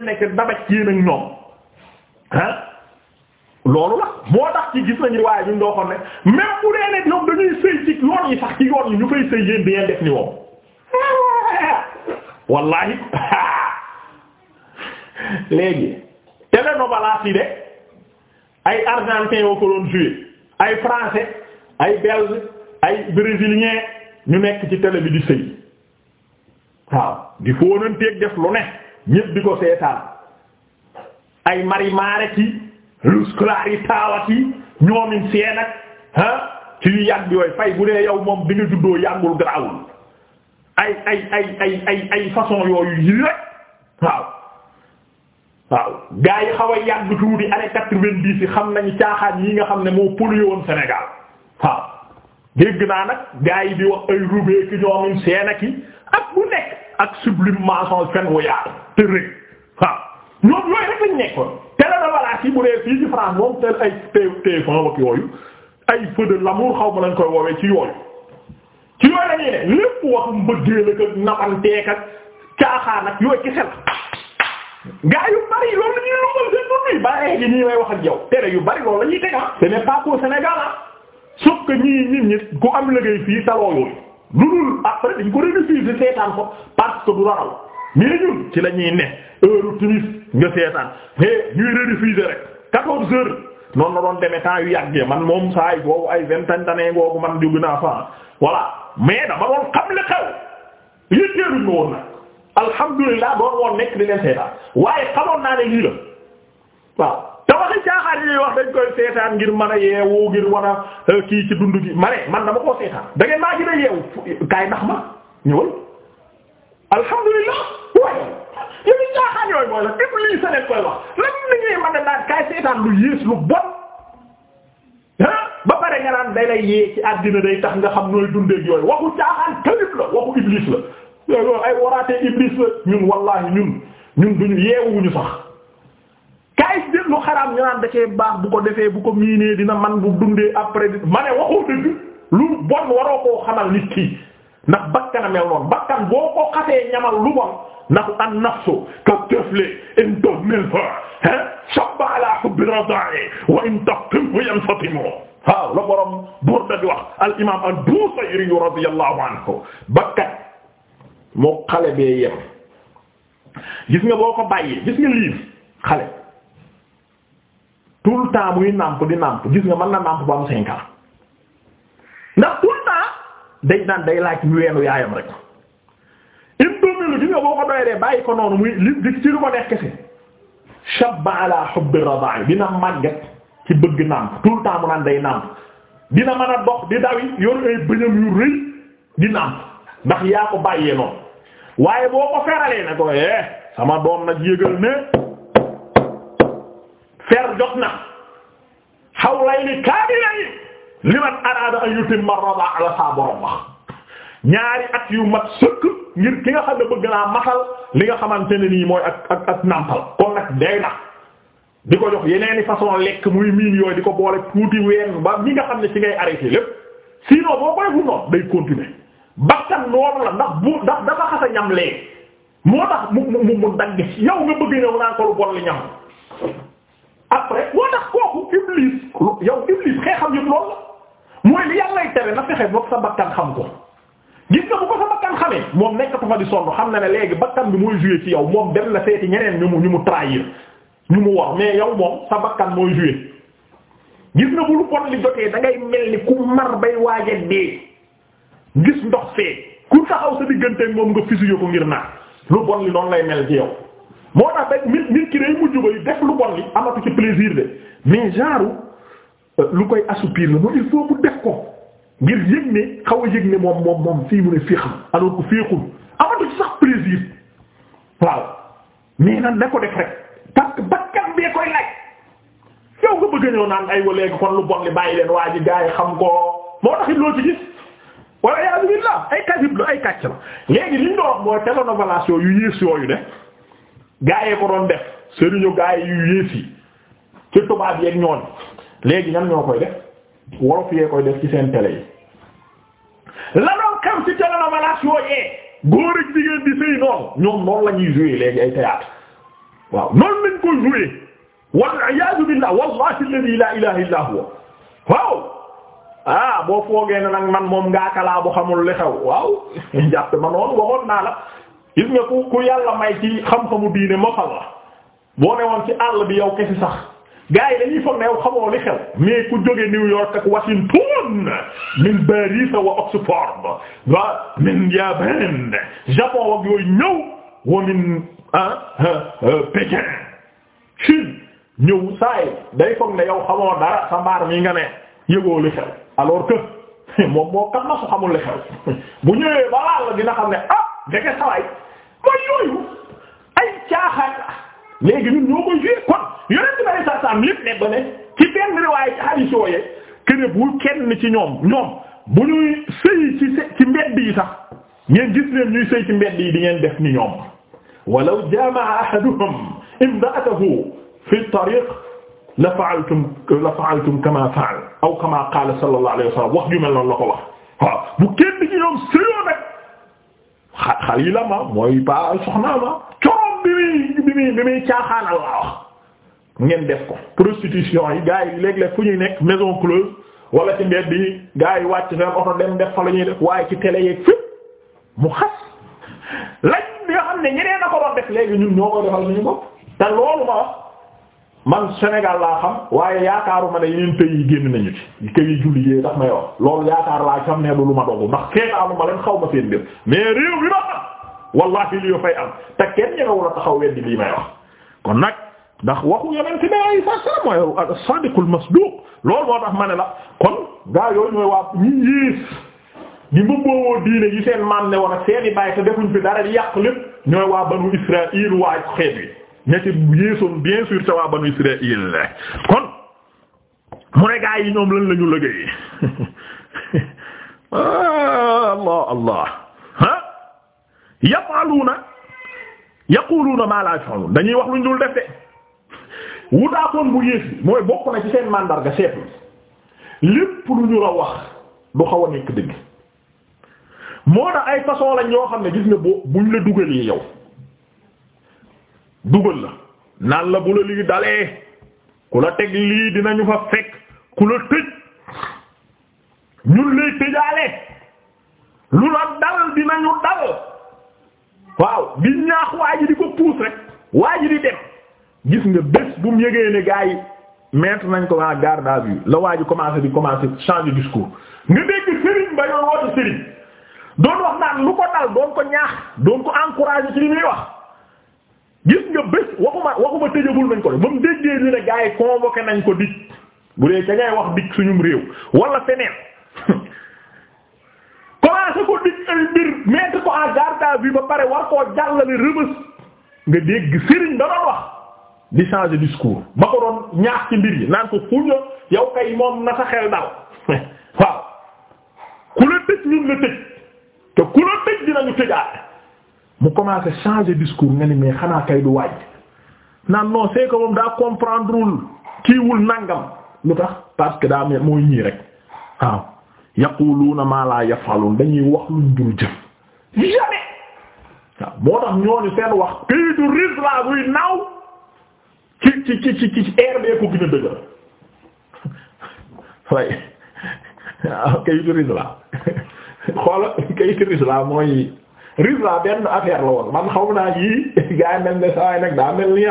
nekk dabaj yéen ak loolu la moo tax ci gis nañu waaye ñun doo xam ne même bu dee ne ñoom dañuy sëy ci yoon yi sax ci yoon yi ñu fay sëy yéen di ngeen def ni moom wallahi léegi télénovelas yi de ay argentin yoo ko doon jouer ay français ay belge ay brésilien ñu nekk ci télé bi di sëy waaw di fóonanteeg def lu ne ñépp di ko seetaan ay mari maare ci lus klaar yi taawat yi ñoomin seen ak ah yu yàgg yooyu fay bu dee yow moom bi nga juddoo yàggul garaawul ay ay ay ay façon yooyu yi rek waaw waaw gaa yi xaw a yàgg tuuti année quatre xam nañu caaxaan yi nga xam ne moo pollué woon Sénégal waaw dégg naa nag gaa yi di wax ay rubee ki ñoomin seen ak yi bu nekk ak sublimation fen wu yaatu te rek waaw ñoom yooyu rek lañ nekkoon télé de valage yi bu dee fii ci France moom tel ay TF1 ak yooyu ay feu de xaw ma lañ koy woowee ci yooyu ci yooyu la ne lépp waxum bëggeel ak namanteek ak caaxaan ak yooyu kese la gaa yu bari loolu la ñuy seen dund yi ba léegi ñi may wax ak yow télé yu bari loolu la ñuy teg ah Sénégal ah sauf ñii nit ñi ku am liggéey fii taloo lu dul après dañ ko réussir seetaan ko parce du raral mais ñun ci la ñuy ne heure timis nga seetaan eh ñuy rediffuser rek 14 heures noonu la doon demee temps yu yàggee man moom saa yi boobu ay vingt tantane boobu man jóg naa fa voilà mais dama doon xam li xew yitteeluñu woon nag alhamdulilah doon woon nekk di seetaan waaye xamoon naa ne lii la waaw. te waxi caaxaar yi wax dañ koy seetaan ngir mën a yeewu ngir mën a euh, kii ci dund gi ma man dama koo seetaan da ngeen maa gën a yeewu kaay ndax ma ñëwal alhamdulilah waaye yéen i caaxaar yooyu mooy la Iblis a leen koy a naan kaay seetaan lu yées lu bon ah ba pare nga day lay yee ci àddina day tax nga xam nooy dundeeg yooyu waxu caaxaan kalib la waxu Iblis la yooyu waraatee Iblis la ñun wallahi ñun ñun duñu yeewuñu sax. kaay si lu xaraam ñu naan da baax bu ko defee bu ko miinee dina man bu dundee après ma ne waxoo dëgg lu bon waroo koo xamal nit ki ndax bakkan mel noonu bakkan boo ko xasee ñamal lu bon ndax an nafsu ka tufli in tuhmilhu shabba ala hubbi rada'i wa in taftimhu yanfatimu waaw la borom Burda di wax al imaam ad-Dusayri radiyallahu anhu bakkan moo xale bee yem gis nga boo ko bàyyee gis nga liir xale. tout le temps muy nàmp di nàmp gis nga mën na nàmp ba am cinq ans ndax tout le temps dañ naan day laaj weenu yaayam rek indomilu gis nga boo ko doyee bàyyi ko noonu muy li di ci lu ko neex kese shabba ala hubbi rada'i dina màgget ci bëgg nàmp tout le temps mu naan day nàmp dina mën a dox di dawi yor ay bëñam yu rëy di nàmp ndax yaa ko bàyyee noonu waaye boo ko feralee ne ko eh sama doom nag yëgal ne per jot na hawlayni kaamilayni liman araada an yutimma ar-radaa la borom wax ñaari at yu mag sëkk ngir ki nga xam ne bëgg naa matal li nga xamante ne nii mooy ak ak nàmpal kon nag day na di ko jox yeneeni façon lekk muy miin yooyu di ko boole tuuti ween ba ñi nga xam ne ci ngay arrêté lépp sinon boo koy fu day continuer bakkan noonu la ndax bu ndax dafa xasa ñam lee moo tax mu mu mu dagg yow nga bëgg ñëw naa ko lu bon li ñam après moo tax kooku iblis yow iblis xeexam yëpp loolu la mooy li yàllay tere na fexe boog sa bakkan xam ko gis nga bu ko sa bakkan xamee moom nekkatu fa di sonn xam na ne léegi bakkan bi mooy jouer ci yow moom dem na seeti ñeneen ñu mu ñu mu trahir ñu mu war mais yow moom sa bakkan mooy jouer gis nga bu lu bon li jotee da ngay mel ni ku mar bay waaje dee gis ndox fee ku taxaw sa digganteeg moom nga fisuyo ko ngir naa lu bon li noonu lay mel ci yow moo tax rek nit nit ki day mujj ba def lu bon li amatu ci plaisir de mais genre euh, lu koy assoupir la mooy il faut mu def ko ngir yëg ne xaw a yëg ne moom moom moom fii mu ne féex na alors que féexul amatu ci sax plaisir waaw mais nag na ko def rek parce que bakkan bee koy laaj yow nga bëgg a naan ay waleegi kon lu bon li bàyyi leen waa ji gaa yi xam ko moo taxit loo ci gis. wala yaa billah ay kasib la ay kàcc la léegi li ñu doon mooy télénovelas yu yées yooyu gaayee ko doon def sëriñu gaay yu yées yi ci tubaab yeeg ñoon léegi ñan ñoo koy def wolof yee koy def ci seen télé yi lanoon kam ci télénovelas yooyee góor ak jigéen di noonu ñoom noonu la ñuy jouer ay théâtre waaw noonu lañ koy jouer wal iyaadu billah wallahi alladhi la ah, boo foogee ne man moom ngaakalaa bu xamul li xew waaw jàpp ma noonu waxoon naa la gis nga ku ku yàlla may ci xam-xamu diine moo la boo ne woon ci àll bi yow kesi sax gars yi dañuy foog ne yow xamoo li xew mais ku jóge New York ak Washington min Paris wa Oxford wa min Japan Japon ak yooyu ñëw wa min ah Pékin Chine ñëw saay day foog ne yow xamoo dara sa mi nga ne yëgoo li xew alors que moom moo kam na su xamul li xew bu ñëwee ba laal la dina xam ne ah ndeke sawaay mooy yooyu ay caaxaan la léegi ñun ñoo koy joué kon yonent bi saa saa am lépp ne ba ne ci benn riwaay ci hadith yooye kene bu kenn ci ñoom ñoom bu ñuy sëy ci ci mbedd yi sax ngeen gis leen ñuy sëy ci mbedd yi di ngeen def ni ñoom walaw jamaa ahaduhum imra'atahu fi at-tariq la fa'altum la fa'altum kama fa'al aw kama qala sallallahu alayhi wa sallam wax ju mel noonu la ko wax waaw bu kenn ci ñoom sëyoon ak xa xalila ma mooy ba soxnaa ma corom bi muy bi muy bi muy caaxaanal laa wax ngeen def ko prostitution yi gaa yi léeg-léeg fu ñuy nekk maison close wala ci mbedd bi gaa yi wàcc seen oto dem def fa la ñuy def waaye ci télé yeeg fépp mu xas lañ bi xam ne ñeneen a ko léegi ñun ñoo ko defal suñu bopp te loolu ma wax man Sénégal laa xam waaye yaakaaruma ne yeneen pays yi génn nañu ci kër yi julli yee tax may wax loolu yaakaar laa xam ne lu ma dogu ndax xeetaanu ma leen xaw ma seen mbir mais réew bi ma xam te kenn ñëwul a taxaw weddi wax kon nag ndax waxu yonent bi ay sa sa mooy as-sadiqul masduq loolu moo tax ma ne la kon gaa yooyu ñooy waa ñi yiis ñi mbëbboowoo diine yi seen maam ne woon ak seeni baay te defuñ fi dara yàq lépp ñooy waa banu Israël waa xeet wi ña ci yéesoon bien sûr ca waa banu Israël kon mu ne gaa yi ñoom lan la ñu liggéey ah, allah allah ah yafaaluuna yaquluuna maa laa yafaaluun dañuy wax luñ dul def de wutaakoon bu yées bi mooy bokk na ci seen màndarga seetlu lépp lu ñu la wax du xaw a nekk dëgg moo tax ay façon yoo xam ne gis nga boo buñ la dugalee yow. dugal la naan la bu la lii dalee ku la teg lii dinañu fa fekk ku la tëj ñun lay tëjaale lu la dal dinañu dal waaw di ñaax waa di ko puus rek waa ji di dem gis nga bés bu mu yëgee gaa yi mettre nañ ko en garde à vue la waa ji commencé di commencé changer discours nga dégg Serigne ba yoon woote Serigne doon wax naan lu ko dal doon ko ñaax doon ko encourager ci li muy wax. gis nga bés waxuma waxuma tëjagul nañ ko de ba mu déggee ñu ne gars yi nañ ko dik bu dee ca ngay wax dik suñum réew wala feneen commencé ko dik ay mbir mettre ko en garde à vue ba pare war koo jàllale rëbës nga dégg Serigne da doon wax di changer discours ba ko doon ñaax ci mbir yi naan ko fuñu yow kay moom na sa xel dal waaw ku la tëj ñun la tëj te ku la tëj dinañu tëjaat. mu commencé changer discours nga ni mais xanaa kay du waaj naan non c'est que moom daa comprendre kiiwul nangam lu tax parce que daa mooy ñii rek waaw yaquluuna maa laa yafalun dañuy wax luñ dul jëf jamais waaw moo tax ñooñu seen wax kii du buy naaw ci ci mooy Rizla benn affaire la woon man xaw naa yii gars yi mel ne saa yi nag daa mel ni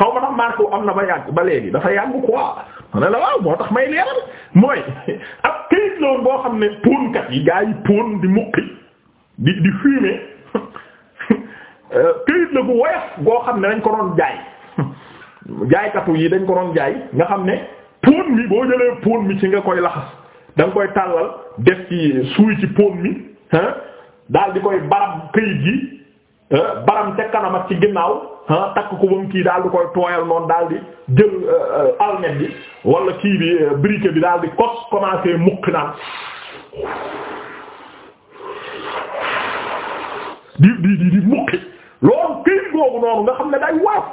xaw ma ndax marque am na ba yàgg ba léegi dafa yàgg quoi ma ne la waaw moo tax may leeral mooy ab këyit la woon boo xam ne poonkat yi gars yi poon di muqi di di fumer euh, këyit la bu woyof boo xam ne dañ ko doon jaay jaaykatu yi dañ ko doon jaay nga xam ne poon mi boo jëlee poon mi ci nga koy laxas da nga koy tàllal def ci suuy ci poon mi daal di koy baram këyit gi eh, baram ca kanam ci ginnaaw ah, takk ko ba kii daal di koy tooyal noonu daal di jël eh, eh, almet bi walla kii bi briquet bi daal di kos commencé mukk naan di di di di mukki loolu këyit googu noonu nga xam ne day waaw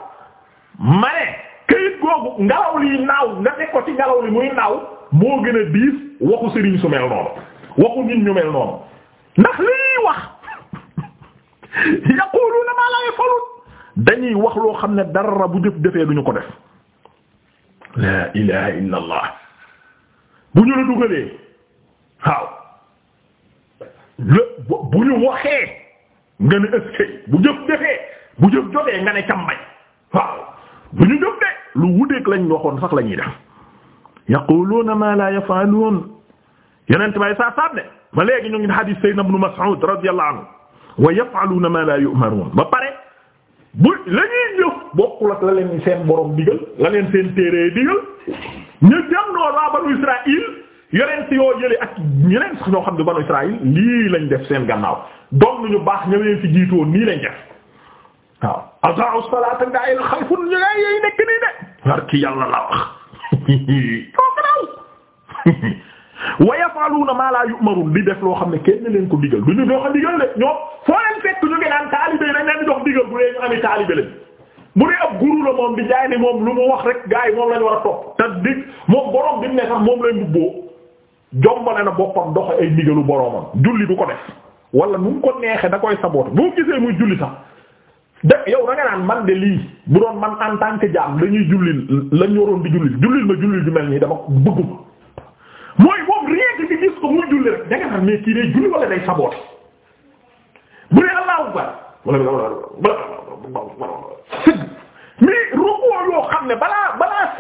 ma ne këyit googu ngelaw lii naaw nga teg ko ci ngelaw li muy naaw moo gën a diis waxu sëriñ su mel noonu waxu nit ñu mel noonu ndax li wax yaquluna ma la yafalun dañuy wax loo xam ne dara bu jëf defee duñu ko def la ilaha illa bu ñu la dugalee waaw bu ñu waxee nga ne ëskay bu jëf defee bu jëf jotee nga ne càmbañ waaw bu ñu jëf de lu wuteek lañ waxoon sax lañuy def yaquluna ma la yafalun yeneen tubaab yi saa saa ne ma léegi ñu ngi hadith Sayyidina Ibn Mas'ud radiyallahu anhu wa yaf'aluna ma la yu'marun ba pare bu la ñuy jëf bokkul ak la leen seen borom digal la leen seen téere digal ñu dem noonu waa banu Israël yeneen si yoo jëlee ak ñeneen ñoo xam ne banu Israël lii lañ def seen gannaaw doom ñu baax ña leen fi jiitu woon nii lañ def waaw. adaa'u salaata nga ay xalfun ñu ngay yooyu nekk nii de. war ki yàlla la wax. wa yafaaluuna maa laa yu'maruun di def loo xam ne kenn leen ko digal du ñu dox a digal de ñoom foo leen fekk ñu ngi naan taalibe yi dañ leen dox digal bu dee ñu amee taalibe lañ bu la moom di jaay ne moom lu mu wax rek gaa yi moom a topp te moom borom bi mu ne sax moom lay mbubboo jombale na boppam dox ay ndigalu boromam julli du ko def wala nu mu ko neexee da koy saboté boo gisee muy julli sax de yow da nga naan man de lii bu doon man en tànk jaam lañuy jullil lañ waroon di jullil jullil ma jullil ju mel nii dama bëgguma mooy moom rien que gis ko mu julli rek da nga kii day julli wala day saboote bu dee Allahu na balaa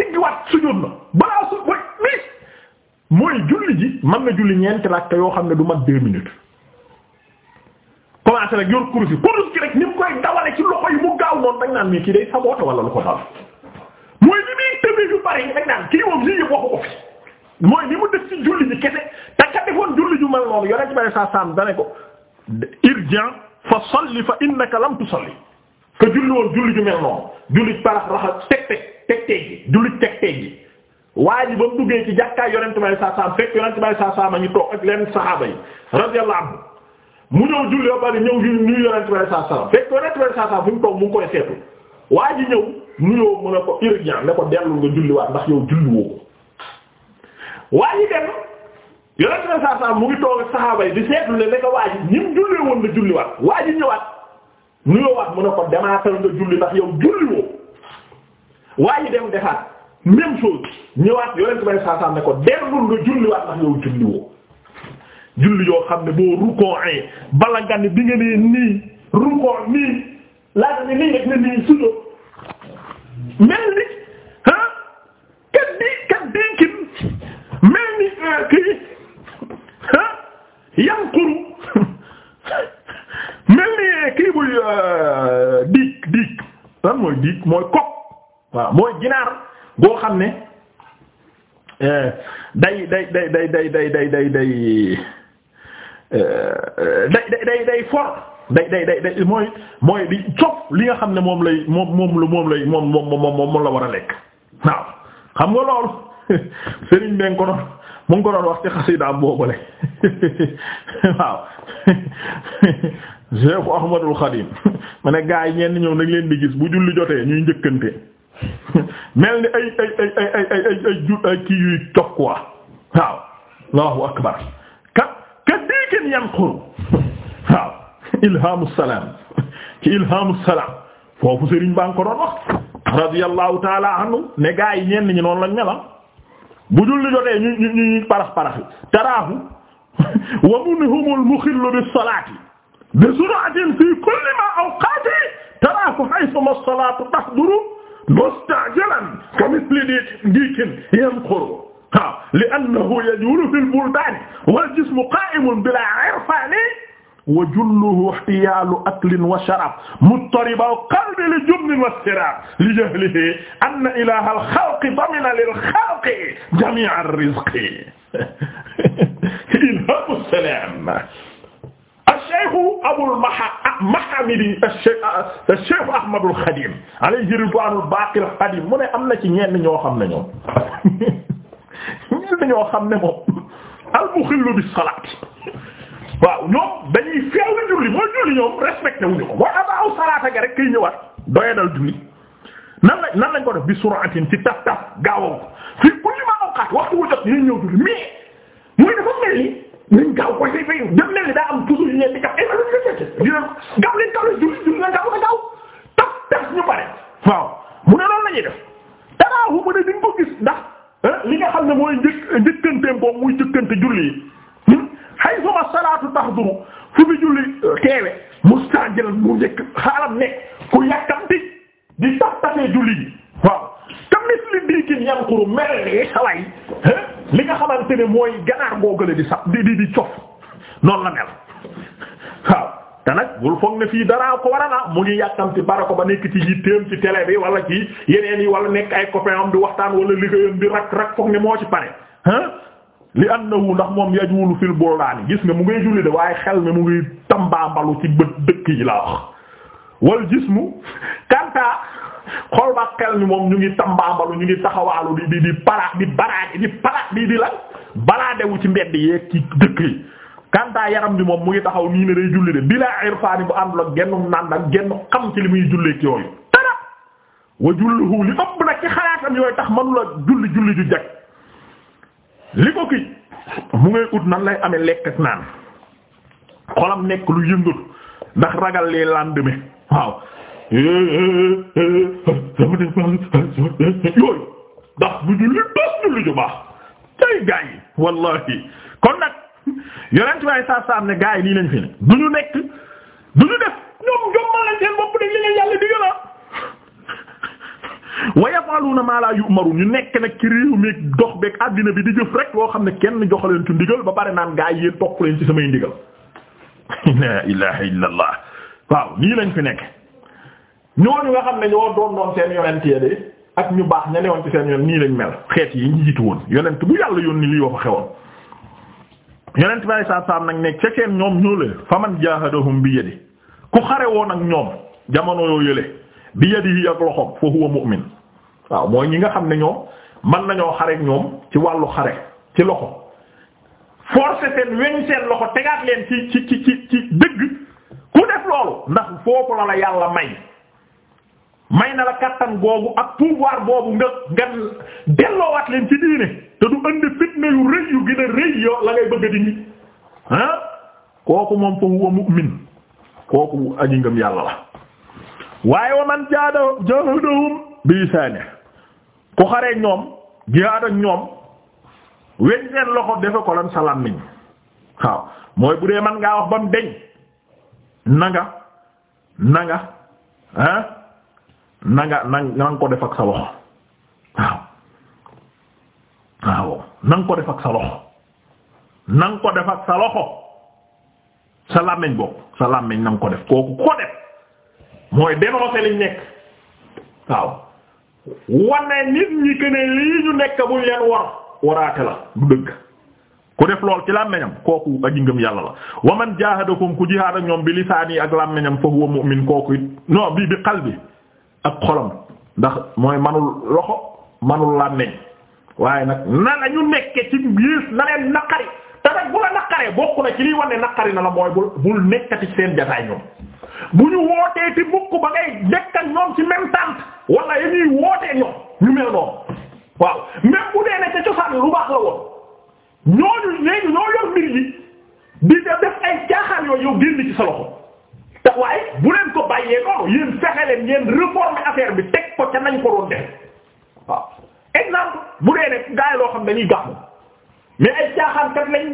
ñeenti rakka yoo xam ne du mat deux minutes commencé rek yor kurus yi naan mii kii day saboote wala lu ko dal mooy li muy tëbbi yu bari dañ kii moom lii yëpp waxu ko fi mooy li mu def ci julli ji kese te ka defoon julli ju mel noonu yonent bi saa saam dane ko irja fa salli fa innaka lam tusalli ka julli woon julli ju mel noonu julli parax raxas teg teg teg teg ji julli teg teg ji waa ji ba mu duggee ci jàkkaay yonent bi saa saam fekk yonent bi saa saam a ñu toog ak leen saxaaba yi radiyallahu anhu mu ñëw julli ba pare ñëw nuyu yonent bi saa saam fekk yonent bi saa saam fu mu toog mu ngi koy seetu waa ji ñëw nuyoo a ko ko dellu nga julliwaat ndax yow julliwoo ko waa yi dem yonent na saa saa mu ngi toog ak saxaaba yi di seetlu ne naka waa ji ñim julli woon na julliwaat waa ji ñëwaat nuyoowaat mu ne ko demaatal nga julli ndax yow julliwoo waa yi dem defaat même chose ñëwaat yonent na saa saa ne ko dellul nga julliwaat ndax yow julliwoo julli yoo xam ne boo rukkoo ay bala nga ne bi nga nii rukkoo nii laata ne nii nga ne nii sujóot mel ni mooy kopp waaw mooy ginaar goo xam ne day day day day day day day day day day day day for day day day day mooy mooy di cof li nga xam ne moom lay moom moom la moom lay moom moom moom la war a lekk waaw xam nga loolu Serigne bi ko doon mu ngi ko doon wax ci xasidaam boobule waaw Cheikh Ahmadul Xadim ma ne gaa yi ñenn ñoom dañ leen di gis bu julli jotee ñuy njëkkante mel ni ay ay ay ay ay ay ay ju ay kii yuy toog quoi ka ka diikin yanquru waaw ilhamu salaam ci ilhamu salaam foofu Serigne Ba nga ko doon wax radiyallahu taala anhu ne gaa yi ñenn ñi noonu lañ melam ah. bu julli jotee ñu ñu ñu parax parax yi taraahu wa minhumul muxillu bis salaati bi sur'atin fi kulli ma awqati taraahu haythuma as-salatu tahduru mustajilan ka mithli diikin yanquru li annahu yajulu fil buldani wal jismu qa'imun bila irfani wa julluhu ihtiyalu aklin wa sharab muttariba qalbi li jubnin wa istirab li jahlihi anna ilaha al khalqi damina lil khalqi jami'a ar-rizqi ilhamu salam cheikhu Abul Mahamidi cheikh Ahmadul Xadim alayhi ridwaanul baaqil xadim mu ne am na ci ñenn ñoo xam ne ñoom ñenn ñoo xam ne moom al-muxillu bis salaat waaw ñoom dañuy feew la julli mooy julli ñoom respecté wuñu ko mooy abaaw salaata ga rek kay ñëwaat doyadal julli nan lañ nan lañ ko def bi sur'atin ci taf taf gaawam fii kulli ma awqaat waxtu wu jot ñu ñëw julli mais mooy dafa mel ni nañ gaaw ko ci fayu dem leen daa am toujours ñu leen di gaf ay ñu leen gaaw leen gaaw leen julli julli leen gaaw na gaaw taf taf ñu pare waaw mu ne loolu la ñuy taraahu mu ne di nga ko gis ndax li nga xam ne mooy njëkk njëkkanteem boobu muy njëkkante julli yi xay hmm? suma fu bi julli euh, teewe mustaajil mu njëkk xaalam ne ku yàkkamti di taf tafee julli yi waaw te misli diikin yanquru mel ni saway li nga xamante ne mooy ganaar googale di sax di di di cof noonu la mel waaw te nag bul foog na fii daraa ko war a naa mu ngi yàkkamti bara ko ba nekk ci yitteem ci télé bi wala ci yeneen yi wala nekk ay copain am di waxtaan wala liggéeyam bi rak rak foog ne moo ci pare li annahu ndax moom yajulu fil buldaani gis nga mu ngay julli de waaye xel mi mu ngi tambaambalu ci bët dëkk yi la wax wal jismu kanta xol ba xel ni moom ñu ngi tambaambalu ñu ngi taxawaalu di di di para di baraade di para di di lan balaadewu ci mbedd yeeg ci dëkk yi kantaa yaram bi moom mu ngi taxaw nii ne day julli de bilaa irfaani bu àndul ak genn naan ak genn xam ci li muy jullee yooyu dara wa julluhu li ëpp nag ci xalaatam yooyu tax mënula julli julli ju jag li ko kii mu ngay ut nan lay amee lekk ak naan xolam nekk lu yëngatu ndax ragal lee lendemain waaw sama ndax bu julli dos julli ju baax tay wallahi kon nag yonent waaye saa saa am ne gaa yi lii lañ fi ne du ñu nekk bu ñu def ñoom jommaa lañ seen bopp de li leen yàlla digal ah. wa yafaluna ma la yu'maru ñu nekk nag ci réew mi dox beeg àddina bi di jëf rek loo xam ne kenn jox leen ci ndigal ba pare naan gaa yi topp leen ci samay ndigal la ilaha illallah waaw nii lañ fi nekk ñooñu nga xam ne ñoo doon doon seen yonent ya de ak ñu baax ña newoon ci seen yoon nii lañ mel xeet yi ñu jiitu woon yonent bu yàlla yónni lii wax xewoon yonent bi saa saa nag nekk ca seen ñoom ñoo leen fa man jaahadahum bi yadi ku xare woon ak ñoom jamono yoo yële bi yadi yi ak loxoom fa huwa mu'min waaw mooy ñi nga xam ne ñoom man nañoo xare ak ñoom ci wàllu xare ci loxo forcer seen weñ seen loxo tegaat leen ci ci ci ci dëgg ku def loolu la la yàlla may. may na la kattan googu ak pouvoir boobu nga nga delloowaat leen ci diine te du indi fitna yu rëy yu gën a rëy yoo la ngay bëgg di nit ah kooku moom fa huwa mu'min kooku aji ngëm yàlla la waaye wa man jaada jahadahum bi saane ku xaree ñoom jihaad ak ñoom weñ seen loxo defe ko lan salaam niñ waaw mooy bu dee man ngaa wax ba mu deñ na nga na na nga na nga ko def ak sa loxo waaw waaw na ko def ak sa loxo na nga ko def ak sa loxo sa làmmiñ bopp sa làmmiñ na ko def kooku ko def mooy dénoncer liñ nekk waaw wane nit ñi que lii ñu nekk buñ leen war waraate la bu dëgg ku def lool ci làmmeñam kooku a ngëm yàlla la waman jaahadakum ku jihaad ñoom bi lisaani ak làmmeñam fa huwa mu'min kooku it non bi bi ak xolam ndax mooy manul loxo manul làmmeñ waaye nag na la ñu nekke ci yées na leen naqari te nag bu la naqaree bokk na ci liy wane naqari na la mooy bul bul nekkati seen jataay ñoom bu ñu wootee ti mukk ba ngay nekk ñoom ci même tànt wala ya ñuy wootee ñoom ñu mel noonu waaw même bu dee ne ca cosaan lu baax la woon ñooñu léegi ñoo yor mbir yi di def ay jaaxal yooyu génn ci sa loxo leen ngeen réformer affaire bi teg ko ca nañ ko doon def waaw exemple bu dee ne gaa loo xam ne dañuy gàmm mais ay caaxaan kat lañ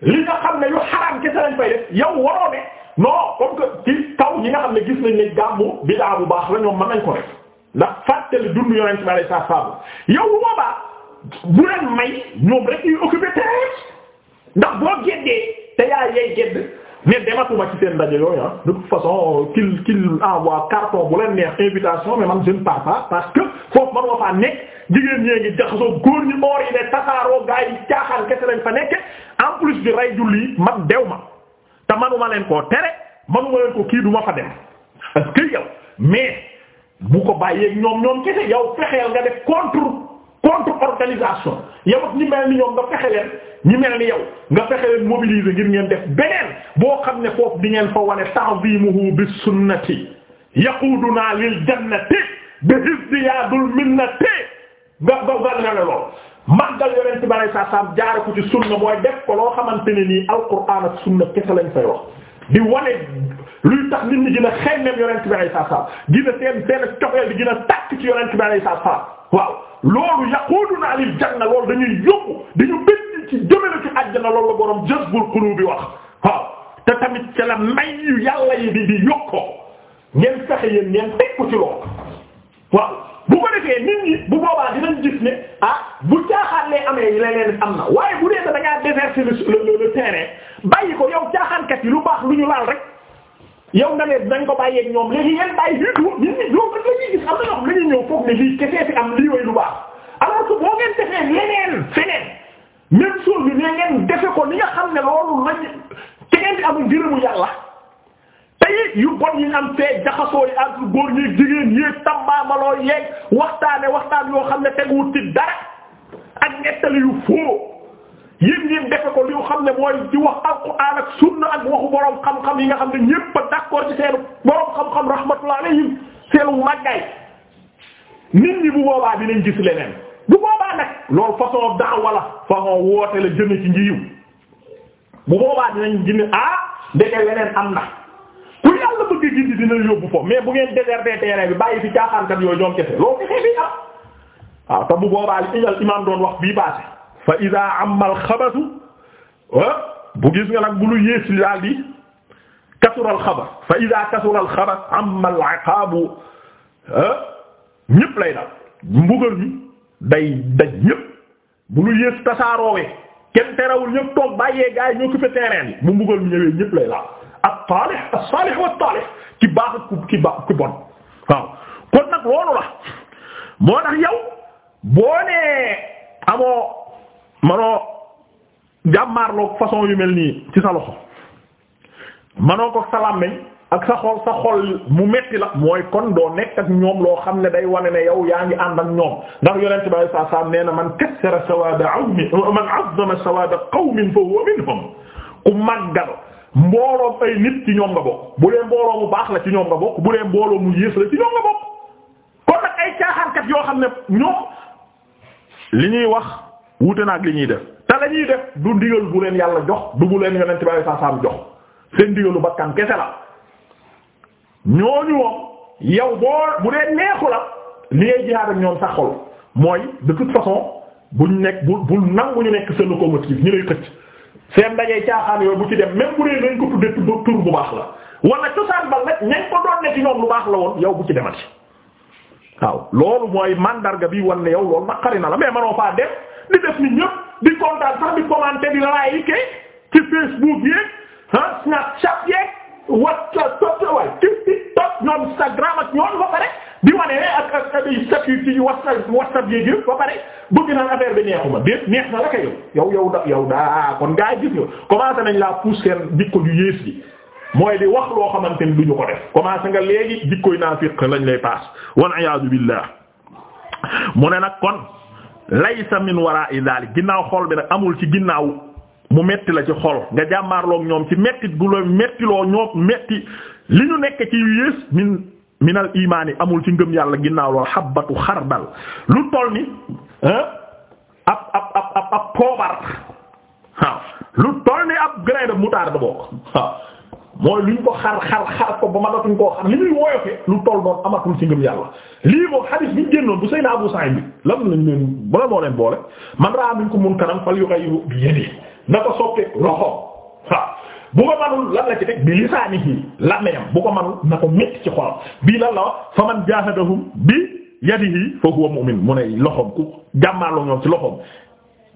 li nga xam ne yu xaraam kese lañ fay def yow waroo ne non comme que ci taw yi nga xam ne gis nañ ne gàmmu bidaa bu baax la ñoom mën nañ ko def ndax fàttali dund yonent bi alayhi salaam yow bu boobaa bu leen may ñoom rek ñuy occupé terrain ndax boo géddee te yaa yey mais dematuma ci seen ndaje yooyu ah de toute façon euh, qu'il qu'il envoie carton bu leen neex invitation mais man je ne pars pas parce que foofu man ma faa nekk jigéen ñee ngi jaxasoo góor ñi moor yi ne tasaaroo gaa yi caaxaan kese lañ fa nekke en plus bi ray julli man dew ma te manuma leen koo tere manuma leen ko kii duma fa dem parce que yow mais bu ko bàyyeeg ñoom ñoom kese yow fexeel nga def contre contre organisation yow ak ñi mel ni ñoom nga fexe leen ñi mel ni yow nga fexe leen mobiliser ngir ngeen def beneen boo xam ne foofu di ngeen fa wane ta'zimuhu bi sunnati yaquduna lil jannati bi izdiyadul minnati nga nga nga nga ne lool màggal yonent bi alayhi salaam jaare ko ci sunna mooy def ko loo xamante ne nii alquran ak sunna kese lañ fay wax di wane luy tax nit ñi gën a xeeñneem yonent bi alayhi salaam gën a seen seen li di gën a tàkk ci yonent bi loolu yaquduna lil janna loolu dañuy yóbbu dañu bëgg ci jëmale ci àjjana loolu la borom jazbul qulubi wax waaw te tamit ca la may yu yàlla yi di di yokkoo ngeen fexe yéen ngeen teg ko ci loolu waaw bu ko defee nit ñi bu boobaa dinañ gis ne ah bu caaxaan lay amee leneen am na waaye bu dee da ngaa le le terrain bàyyi ko yow caaxaankat yi lu baax lu ñu laal rek. yow nga ne dañ ko bàyyeeg ñoom léegi yéen bàyyi yéen ñoo ñun ñoo kat la am na foog ne lii kese fi am lii way lu baax alors que boo ngeen defee leneen feneen même chose bi ne ngeen defe ko ni nga xam ne loolu lañ te ngeen di amul gërëmu yàlla. tey yu bon yi am fee jaxasoo yi ak góor ñi jigéen ñi tambaamaloo yeeg waxtaane waxtaan yoo xam ne teguwul ci dara ak ñettali yu foo. yéen ñeen defe ko li xam ne mooy di wax alquran ak sunna ak waxu boroom xam-xam yi nga xam ne ñépp a d'accord ci seen boroom xam-xam rahmatullah alayhim seenu màggaay nit ñi bu boobaa dinañ gis leneen bu boobaa nag loolu façon daawa la façon woote la jëme ci dinañ gis ah ndeke leneen am na ku yàlla bëgg gindi dina yóbbu foofu mais bu ngeen déserté terrain bi bàyyi fi caaxaankat yooyu ñoom kese loolu kese bi am ah. waaw te bu boobaa li iñal imam doon wax bii passé fa idaa amal xabasu ah, bu gis nga nag bu lu yées li daal di kasural xabas fa idaa kasural xabas amal iqaabu ah, ñëpp lay dal mbugal mi day daj ñëpp bu lu yées tasaaroowee kenn terewul ñëpp toog bàyyee gaa yi ñoo ko fa bu mbugal mi ñëwee ñëpp lay daal ak wa taalix ki baax ki bon kon nag loolu la moo tax yow boo amoo. manoo jàmmaarloog façon yu mel nii ci sa loxo manoo ko sa làmmiñ ak sa xol sa xol mu metti la mooy kon doo nekk ak ñoom loo xam ne day wane ne yow yaa ngi ànd ak ñoom ndax yonent bi saa saa nee na man kassara sawaada awmi man azzama sawaada qawmin fa huwa minhum ku màggal mbooloom ay nit ci ñoom nga bokk bu dee mbooloo mu baax la ci ñoom nga bokk bu dee mbooloo mu yées la ci ñoom nga bokk kon nag ay caaxaankat yoo xam ne ñoom li ñuy wax wuute naa ak li ñuy def te la ñuy def du ndigal bu leen yàlla jox du bu leen yonent bi saa saam jox seen ndigalu bakkan kese la ñooñu yow boo bu dee neexu la li ngay jihaad ak ñoom sa xol mooy de toute façon buñ nekk bu bu nangu ñu nekk sa locomotive ñu lay xëcc seen ndajee caaxaan yooyu bu ci dem même bu dee dañ ko tudde tur bu baax la wala cosaan bal nag ñañ ko doon ne ñoom lu baax la woon yow bu ci demati waaw loolu mooy màndarga bi wan ne yow loolu naqari na la mais di def ni ñëpp di kontaan sax di commenter ci Facebook yeeg ah ak ñoom ba pare di wane ak ak ak ay ci WhatsApp WhatsApp yëpp ba pare bëgg naa affaire bi neexuma déet neex na la ko yow yow yow da yow daa kon gars yi gis nga nañ laa pousse seen jikko ju yées bi mooy di wax loo xamante ni duñu ko def commencé nga léegi jikkoy naafiq lañ lay paas wal iyaadu billah mu ne nag kon. laysa min wara'i dhalik ginnaaw xol bi nag amul ci ginnaaw mu metti la ci xol nga jàmmaarloog ñoom ci metti gu la mettiloo ñoom metti li ñu nekk ci yu yées min minal imaan yi amul ci ngëm yàlla ginnaaw lool xabbatu xardal lu toll ni ab ab ab ab ab lu toll ni ab grain de moutarde mooy luñ ko xar xar xar ko ba mënatuñ koo xar li muy woyofe lu toll noonu amatul ci ngëm yàlla lii moom xadis bi ñu génnoon bu Seydina Abu Sa'id bi lam lañ leen bu la moo ko mun kanam fal yughayyiru bi yadihi na ko soppeek loxo waaw bu ko manul lan la ci teg bi lisaanihi bu ko manul na ko métti ci xolam bii lan la wax fa man jaahadahum bi yadihi fa huwa mu'min mu ne loxoom ku jàmmaarloo ñoom ci loxoom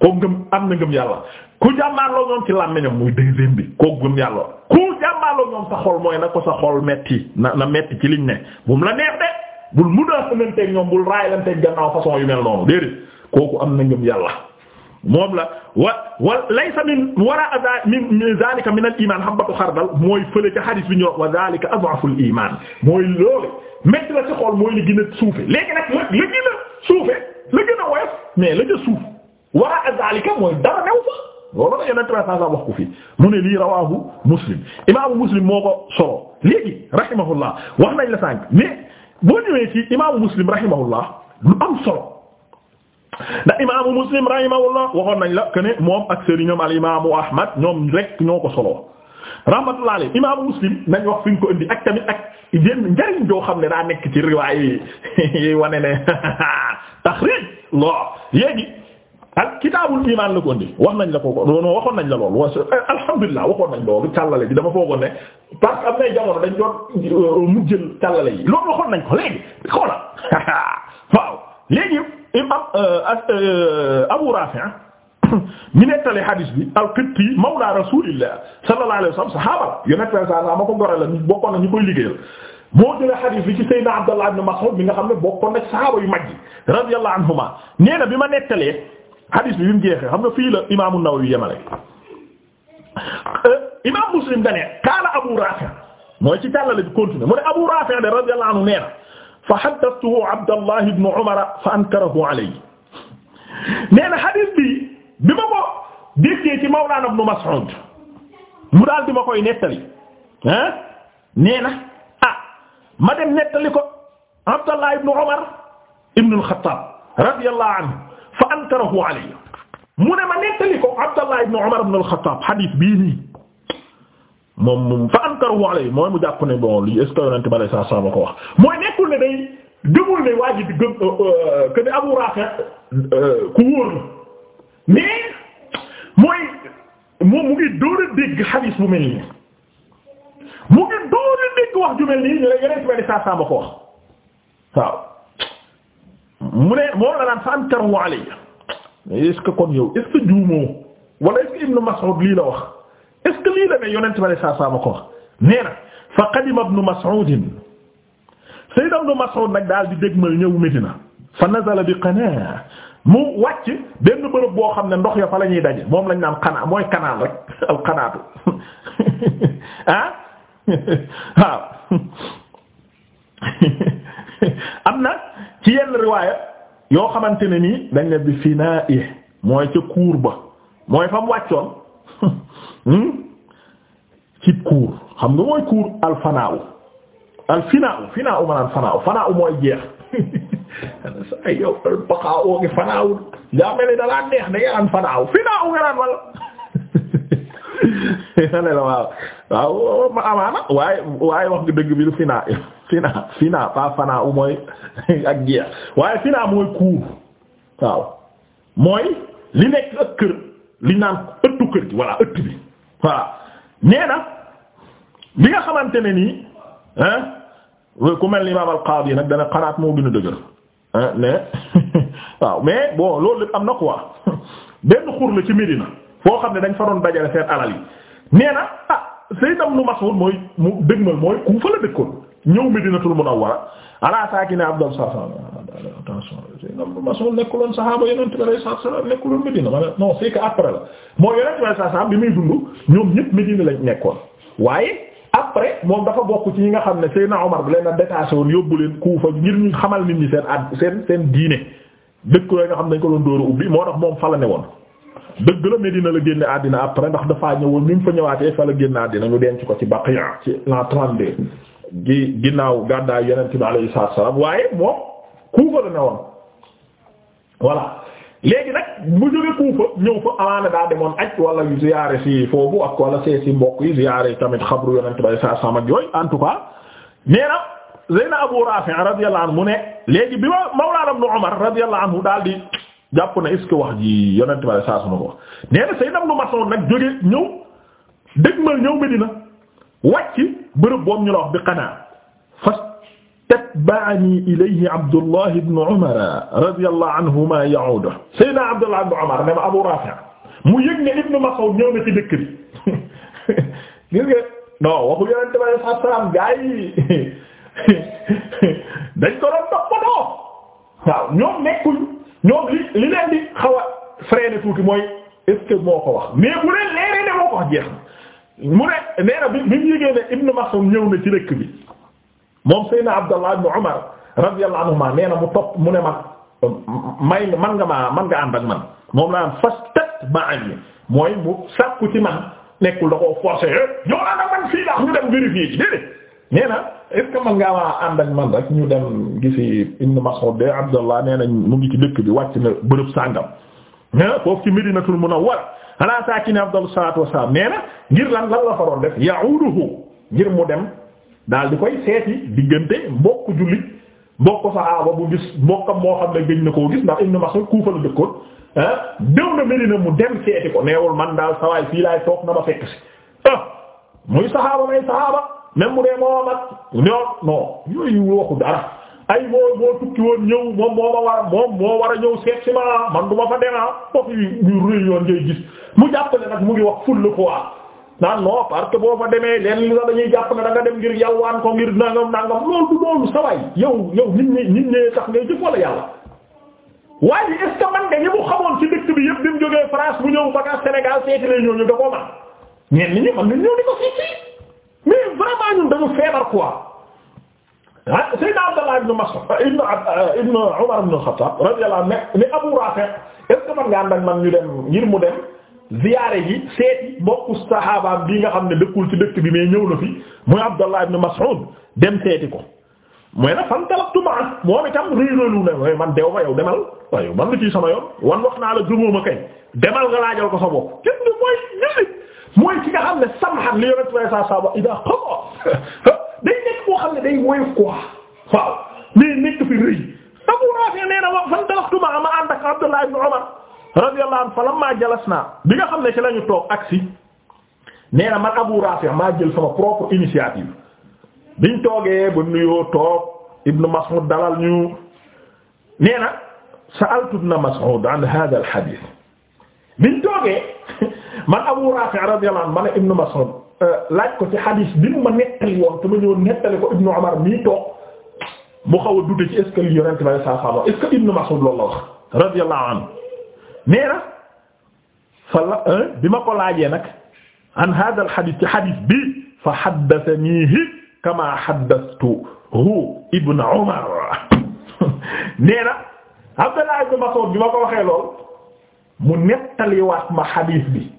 koo ngëm am na ngëm yàlla ku jàmmaarloo ñoom ci làmmiñam muy deuxième bi koo gëm yàlla ku jàmmaarloo ñoom sa xol mooy na ko sa xol metti na na metti ci liñ ne bu mu la neex de bul mun a xamanteeg ñoom bul raayalanteeg gannaaw façon yu mel noonu déedéet kooku am na ngëm yàlla moom la wa wa min wara min zalika min al iman xardal mooy fële ca bi ñu wa zalika adhafu al iman la ci xol mooy li gën a suufe léegi nag la gën a suufe la gën a woyof mais la ca suuf wara zalika mooy dara new loolu a yonent trois cent wax ko fii mu ne lii rawaahu muslim imaamu muslim moo ko solo léegi rahimahullah wax nañ la sànq mais boo ñëwee ci imaamu muslim rahimahullah lu am solo ndax imaamu muslim rahimahullah waxoon nañ la que ne moom ak sëriñam al imaamu ahmad ñoom rek ñoo ko solo rahmatullah alayhi imaamu muslim nañ wax fi ñu indi ak tamit ak yenn njariñ joo xam ne daa nekk ci riwaay yi wane ne taxriij lool léegi al kitaabul iman la ko indi wax nañ la ko non waxoon nañ la loolu wa alhamdulilah waxoon nañ loolu tallale bi dama foogoon ne parce que am nay jamono dañ doon euh, mujjël tallale yi loolu waxoon nañ ko léegi xoola waaw léegi euh, euh, Abu Rafi' mi nettali hadis bi al-Qibti mawla rasulillah sallallahu alayhi wasallam sahaba yonent sallallahu alayhi ko gore la bokkoon na koy liggéeyal moo jëlee hadis bi ci Seydina Abdullah ibn Mas'ud mi nga xam ne bokkoon na sahaaba yu mag yi anhuma nee na bi ma nettalee xadiis bi bi mu jeexee xam nga fii la imaamu Nawawi yemale euh, imaam Muslim dane qaala Abu Raafi' mooy ci tàllale bi continuer mu ne Abu Raafi' de radiyallahu anhu nee na fa haddathtuhu Abdallah ibn Umar fa ankarahu alayhi nee na xadiis bi bi ma ko déggee ci Mawlaana ibn Mas'ud mu daal di ma koy nettali ah nee na ah ma dem nettali ko Abdallah ibn Umar ibn al-Khattab radiyallahu anhu fa ankarahu alayya mu ne ma nettali ko Abdallah ibn Umar ibn al-Khattab hadith bii nii moom moom fa ankarahu alayya mooy mu jàpp ne bon lii est ce que yonent bi alayhi salaam a ko wax mooy nekkul ne day gëmul ne waa ji di gëm euh, euh, que ne Abu Rafi' euh, ku wóor mais mooy moom mu ngi door a dégg hadith bu mel nii mu ngi door a dégg wax ju mel nii yonent bi alayhi salaam a ko wax waaw. mu ne moom la naan fa ankaru alayya est-ce que kon yow est-ce que juumoo wala est-ce que Ibn Mas'ud lii la wax est-ce que lii la saa saa ma ko wax fa qadima Ibn Mas'ud Sayyidna Ibn Mas'ud nag daal di dégmal ñëw Medina fa nazala bi mu wàcc benn bërëb boo xam ne ndox ya fa la ñuy daje moom lañ naan xanaa mooy kanaal rek al xanaatu ah am na. ci yenn riwaaya yoo xamante ne nii dañ bi finaa i mooy ca kuur ba mooy fa mu wàccoon hmm? ci kuur xam nga mooy kuur alfanaaw alfinaaw finaaw ma naan fanaaw fanaaw mooy jeex ay yow baqaa oo ngi fanaaw daa mel ni dalaa neex da nga naan fanaaw nga naan wala la waaw ma amaana waaye waaye wax nga dëgg bi du fina fina fina pas fana u mooy ak jeex waaye fina mooy kuur waaw mooy li nekk ak kër li naan ëttu kër gi walla ëtt bi waaw nee na nga xamante ne nii ku mel ni imaam qaadi nag dana xanaat moo gën a dëgër mais waaw mais bon loolu lépp am na quoi benn xur la ci Medina foo xam ne dañ fa doon dajale seen alal yi nee na ah Sayyid Ibn Mas'ud mooy mu dëgmal mooy ku fa la dëkkoon ñëw Medinatul Munawwara ala saakini abdal saasan ah, attention Sayyid Ibn Mas'ud nekkuloon saxaaba Yonent bi alayhi salaatu wa salaam nekkuloon Medina ma ne non c'est après la mooy Yonent bi alayhi salaatu wa salaam bi muy dund ñoom ñëpp Medina lañ nekkoon waaye. après moom dafa bokk ci ñi nga xam ne Seydina Omar bi leen a détaché woon yóbbu leen Kuufa ngir ñu xamal nit ñi seen ad seen seen diine dëkk yooyu nga xam ne dañ ko doon dóoru ubbi moo moom fa la ne woon dëgg la Medina la génne àddina après ndax dafaa ñëwoon ni mu fa ñëwaatee fa la génne àddina ñu denc ko ci Baqiya ci l'an 32 gi ginnaaw gàddaay yonent bi alayhi salaam waaye moom Kuufa la ne woon voilà léegi nag mu jóge Kuufa ñëw fa amaana daa demoon aj wala ziyaare si foofu ak wala see si mbokk yi ziyaare tamit xabru yonent bi alayhi salaam ak yooyu en tout cas nee Zeyna Abu Rafi' radiyallahu anhu mu ne léegi bi ma Mawlaana Ibn Umar radiyallahu daal di. jàpp na a ce wax ji yonent ba saa sunu wax nee na say nam lu masoon nag jóge ñëw dégmal ñëw Medina wàcc bërëb boobu ñu la wax bi Qanaa fastatba'ani ilayhi Abdullah ibn Umar radiyallahu anhuma ya'udu Sayyidina Abdullah ibn Umar ne ma Abu Rafi' mu yëg ne Ibn Mas'ud ñëw na ci dëkk bi gis nga non waxu yonent ba saa salaam gaa yi dañ ko ñoom li li leen di xaw a freiné tuuti mooy est-ce que moo ko wax mais bu leen leeree ne moo ko wax jeex na mu ne nee na bi bi mu na bi moom Seydina Abdallah ibn Umar radiyallahu anhuma nee na mu topp mu ne ma may man nga maa man nga ànd ak man moom laa am fastat mu sàkku ci man nekkul da koo forcé yow eh, ànd ak fii ndax ñu nee na est-ce que man ngaa maa ànd man rek ñu dem gisi Ibn Mas'ud de Abdallah nee na mu ngi ci dëkk bi wàcc na bërëb sàngam nee na foofu ci Madinatul Munawwara ala saakini afdalu salaatu wassalaam nee na ngir lan la fa doon def ya'uduhu ngir mu dem daal di koy seeti diggante mbokk jullit mbokk sahaaba bu gis mbokkam moo xam ne gëj na koo gis ndax Ibn Mas'ud Kuufa la dëkkoon ah déw na Madina mu dem seeti ko neewul man daal sawaay fii laay toog na ma fekk si ah même mu dee moo mag ñoom non yooyu waxu dara ay moo moo tukki woon ñëw moom moo ma war moom moo war a ñëw seet si ma man du ma fa demaa ah. foofu ñu rëy yoon ngay mu jàppale nag mu ngi wax ful ko waa ah. naan non parce que boo fa demee leen li la dañuy jàpp ne danga nga dem ngir yalwaan ko ngir nangam nangam loolu du saway yow yow nit ñi nit ñee tax ngay jëf wala yàlla waaye est-ce man nga ñi mu xamoon ci dëkk bi yëpp bi mu jógee France bu ñëw baga Sénégal seeti la ñooñu da koo man mais vraiment ñun feebar quoi ah Seydina Abdallah ibn Mas'ud ah, ibn euh, ibn Umar Abu Rafi est man nga ànd ak man ñu dem ngir mu dem ziyaare ji seeti mbokku saxaabaam bii nga xam ne dëkkul ci dëkk bi mais ñëw na fi muy Abdallah ibn Mas'ud dem seeti ko. mooy nag fan talabtu ma moom itam réeralu ne waaye man dew ma yow demal waaye man lu ci sama yoon wan wax naa la gëmoo ma kay demal nga laajal ko sa bopp kenn du mooy ñëwee. mooy ci nga xam ne samxan li yonent way sa saba ida xama day nekk boo xam ne day woyof quoi waaw mais nekk fi rëy Abu Rafi nee na wa fan dalaxtuma ama ànd ak Abdullah ibn Umar radiyallahu anhu falamma jalasna bi nga xam ne ci lañu toog aksi nee na man Abu Rafi maa jël sama initiative biñ toogee Ibn Mas'ud dalal ñu nee na sa'altu Ibn Mas'ud an hadha al hadith biñ toogee man Abu Rafi' radiyallahu anhu ma ne Ibn Mas'ud euh, laaj ko ci hadis bi mu ma nettali woon te ma ñëw nettali ko Ibn Umar mii toog mu xaw a dute ci est ce que li yonent bi sallallahu alayhi wasallam est ce que Ibn Mas'ud loolu la wax radiyallahu anhu nee na fala euh, bi ma ko laajee nag an hadha al hadith ci hadis bi fa haddathanihi kama haddathtuhu Ibn Umar nee na Abdullah ibn Mas'ud bi ma ko waxee lool mu nettaliwaat ma hadis bi.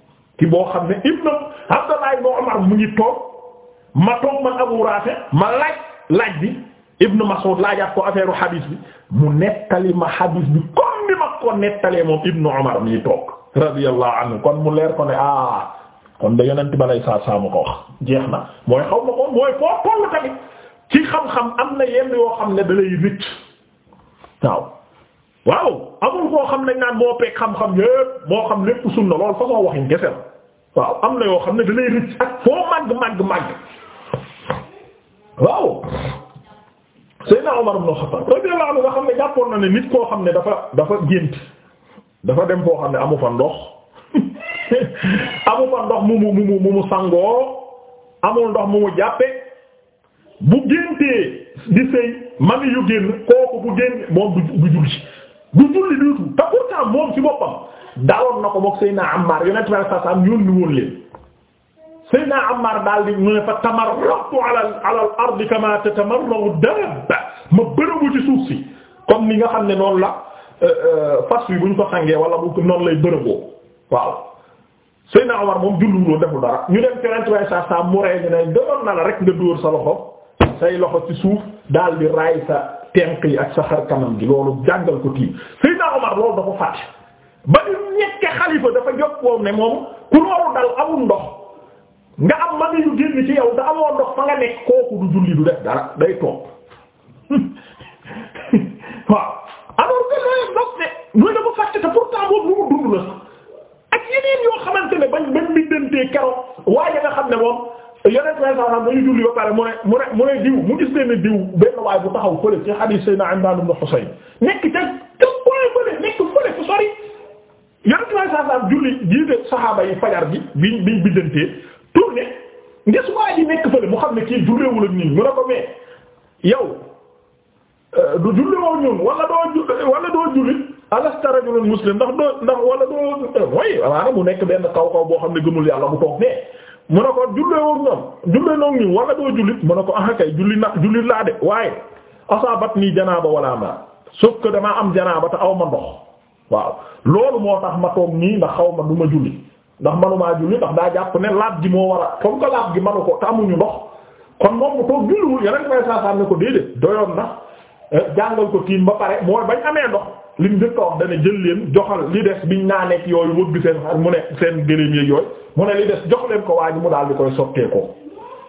ki boo xam ne ibnu Abdallah ibnu Umar mu ngi toog ma toog man Abu Rafi ma laaj laaj bi ibnu Mas'ud laajaat ko affaire xadiis bi mu nettali ma xadiis bi comme ni ma ko nettalee moom ibnu Umar mi ngi toog radiyallahu anhu kon mu leer ko ne ah kon da yonent ba lay saa saamu ko wax jeex na mooy xaw ma ko mooy foo tollu tamit ci xam-xam am na yenn yoo xam ne da lay waaw waaw amul koo xam ne naan moo peeg xam-xam yépp moo xam lépp sunna lool façon waxin waaw am na yoo xam ne dalay rëcc ak foo màgg màgg màgg waaw Seydina Omar ibn Khattab radiyallahu anhu nga xam ne jàppoon na ne nit koo xam ne dafa dafa gént dafa dem koo xam ne amu fa ndox amu fa ndox mu mu mu mu mu sangoo amul ndox mu mu jàppe bu géntee di sëy mami yu génn kooku bu génn moom du du julli du julli duutu te pourtant moom ci boppam daaloon na ko mook Seydina Ammar yonent bi sallallahu alayhi wasallam yónni woon leen Seydina Ammar daal di mu ne fa tamarraqtu ala ala al ma bërëbu ci suuf si comme ni nga xam ne noonu la euh, euh, fas wi bu ñu ko xàngee wala bu noonu lay bërëboo waaw Seydina Omar moom jullu doon deful dara ñu dem yonent bi sallallahu alayhi wasallam mu ree ñu ne doon na la rek nga dóor sa loxo say loxo ci suuf daal di raay sa tenq yi ak sa xar kanam gi loolu jàngal ko kii Seydina Omar loolu ba ñu ñekke xalifa dafa jot woon ne moom ku loolu dal amul ndox nga am ma yu génn ci yow da amoo ndox fa nga nekk kooku du julli du def dara day toog waaw alors que looy ndox ne ñooy mu dund la ak keroog waaye nga xam ne moom yonent sallallahu alayhi wasallam dañu julli ba pare mu ne mu ne mu ne diw mu gis benn diw benn waay bu taxaw fële ci hadith Seydina Imran ibn Husayn nekk ca saa saa julli jiite saxaaba yi fajar bi biñ biñ biddantee tourné ngis waa ji nekk fële mu xam ne kii julleewul ak ñun ñu ne ko mais yow euh, du julliwoo ñun wala doo wala alasta rajulun muslim ndax doo ndax wala doo euh, mooy maanaam mu nekk benn kaw kaw boo xam ne gëmul yàlla mu toog nee mu ne ko julliwoo ñoom julliwoo ñun wala doo jullit mu ne ko ah kay julli na julli laa de waaye asaabat nii janaaba wala ma sauf que damaa am janaaba te aw ma waaw loolu moo tax ma toog nii ndax xaw ma du ma julli ndax manumaa julli ndax daa jàpp ne laab gi moo war a comme que laab gi manu ko te ndox kon moom mu toog julliwul yeneen may saasaam ne ko déedéet doyoon na eh, jàngal ko tiim ba pare mooy bañ amee ndox li mu njëkk a wax jël leen joxal li des biñ naanee yooyu wëgg seen xar mu ne seen gëléem yeeg yooyu mu ne li des jox ko waa mu daal di koy sottee ko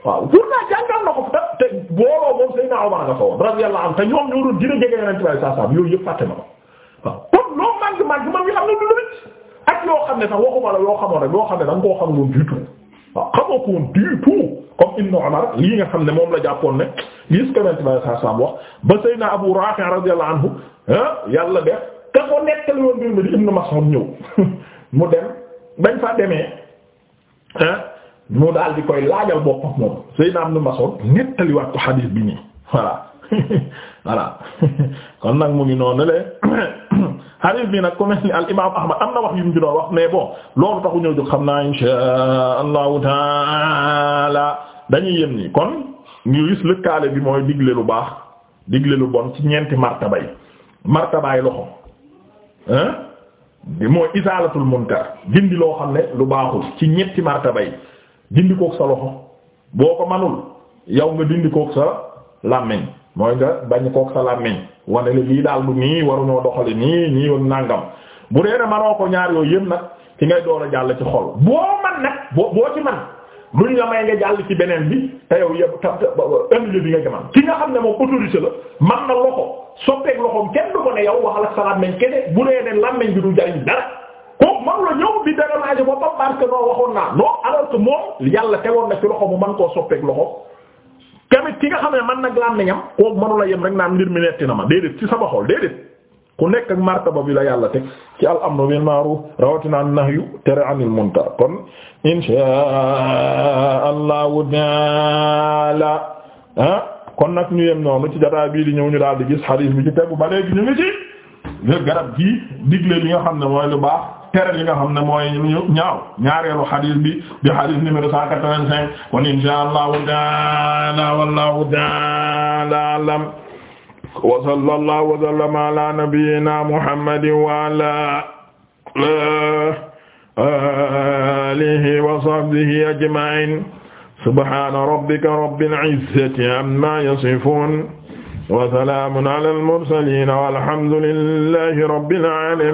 waaw pour naa jàngal na ko te booloo moom Seydina Omar nga fa woon radiyallahu anhu te ñoom ñoo doon jege yëpp fàtte na ak yoo xam ne sax waxuma la loo xamoon rek yoo xam ne da koo xam woon du tout xamoo ko woon du tout comme Ibn Umar lii nga xam ne moom la jàppoon ne gis ko nent ba sa sam wax ba Seydina Abu Rafi' radiyallahu anhu ah, yàlla def te ko nekkal yoon bir ma di Ibn Mas'ud ñëw mu dem bañ fa demee ah, mu daal di koy laajal boppam moom Seydina Ibn Mas'ud nettaliwaat ko xadiis bi nii voilà voilà kon nag mu ngi noonu le hadith bi nag ku mel ni al imaam Ahmad am na wax yu mu doon wax mais bon loolu taxu ñëw jóg xam naa insha allahu taala dañuy yem ni kon ñu gis lëkkaale bi mooy digle lu baax digle lu bon ci ñeenti martaba yi martabaay loxo hein mooy isaalatul munkar dindi loo xam ne lu baaxul ci ñetti martaba yi dindi kook sa loxo boo ko manul yow nga dindi kook sa làmmiñ mooy nga bañ kook sa làmmiñ wane la lii daal du nii waruñoo doxali nii nii yoon nàngam bu dee ne manoo ko ñaar yooyu yëpp nag ki ngay door a jàll ci xol boo man nag boo boo ci man luñ la ngi nga jàll ci beneen bi te yow yëpp ta indi bi nga jaman ki nga xam ne moom autorité la man na loxo soppeek loxoom kenn du ko ne yow waxal ak sa làmmiñ kene bu dee ne làmmiñ bi du jariñ dara kooku man la ñëw di dara laaj boppam parce que noo waxoon naa non alors que moom yàlla tegoon na ci loxo mu man koo soppeek loxo tamit ki xam ne man nag làmmiñam kooku mënula yem rek naan mbir mi netti na ma déedéet ci sama xol déedéet ku nekk ak martaba bi la yàlla teg ci al amru bil ma'ruf rawatina an nahyu tere anil munkar kon inshaa allahu taala ah, kon nag ñu yem noonu ci jotaay bii di ñëw ñu daal di gis xadiis bi ci tegu ba ñu ngi ci garab gii digle li xam ne mooy lu baax tere li nga xam ne mooy ñu ñaaw ñaareelu xadis bi di xadis numéro cent quatre-vingt-cinq kon insha allahu taala wallahu taala alam wa sallallahu wa sallama ala nabiyyina muhammadin wa ala alihi wa sahbihi ajma'in subhana rabbika rabbil izzati amma yasifun wa salamun ala al mursalin walhamdulillahi rabbil alamin